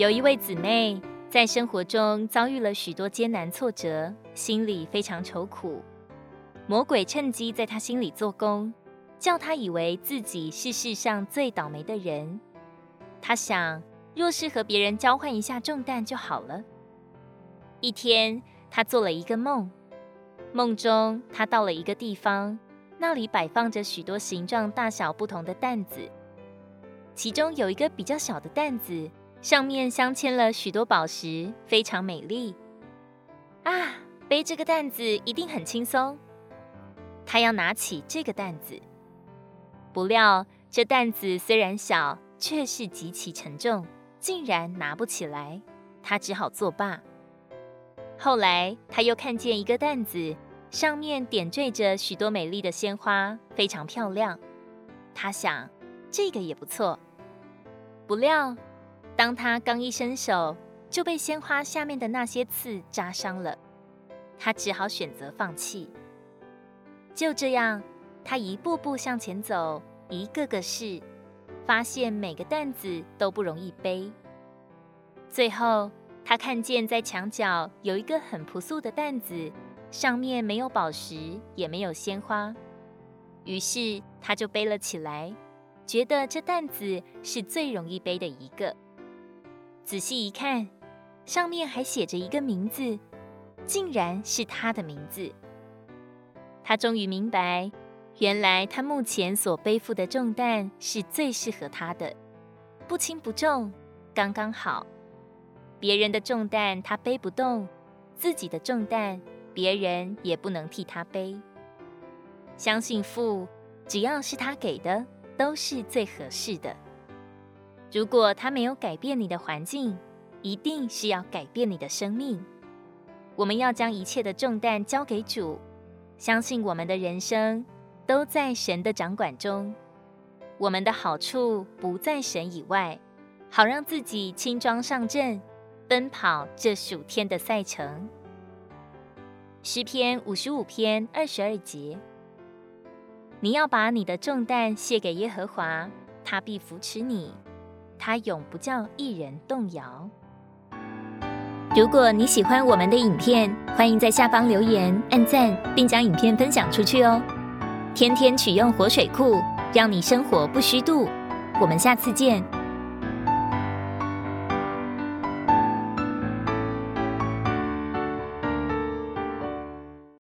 有一位姊妹在生活中遭遇了許多艱難挫折，心裡非常愁苦。魔鬼趁機在她心裡做工，叫她以為自己是世上最倒霉的人。她想，若是和別人交換一下重擔就好了。一天，她做了一個夢，夢中她到了一個地方，那裡擺放着許多形狀大小不同的擔子，其中有一個比較小的擔子。上面鑲嵌了許多寶石，非常美麗啊！背這個擔子一定很輕鬆。他要拿起這個擔子，不料這擔子雖然小，卻是極其沉重，竟然拿不起來。他只好作罷。後來他又看見一個擔子，上面點綴着許多美麗的鮮花，非常漂亮。他想，這個也不錯。不料，當他剛一伸手，就被鮮花下面的那些刺扎傷了。他只好選擇放棄。就這樣，他一步步向前走，一個個試，發現每個擔子都不容易背。最後，他看見在牆角有一個很樸素的擔子，上面沒有寶石，也沒有鮮花。於是，他就背了起來，覺得這擔子是最容易背的一個。仔細一看，上面還寫着一個名字，竟然是他的名字。他終於明白，原來他目前所背負的重擔是最適合他的，不輕不重，剛剛好。別人的重擔他背不動，自己的重擔別人也不能替他背。相信父，只要是他給的，都是最合適的。如果他沒有改變你的環境，一定是要改變你的生命。我們要將一切的重擔交給主，相信我們的人生都在神的掌管中。我們的好處不在神以外，好讓自己輕裝上陣，奔跑這屬天的賽程。詩篇五十五篇二十二節：你要把你的重擔卸給耶和華，他必扶持你。祂永不叫義人動搖。如果你喜歡我們的影片，歡迎在下方留言、按讚，並將影片分享出去哦。天天取用活水庫，讓你生活不虛度。我們下次見。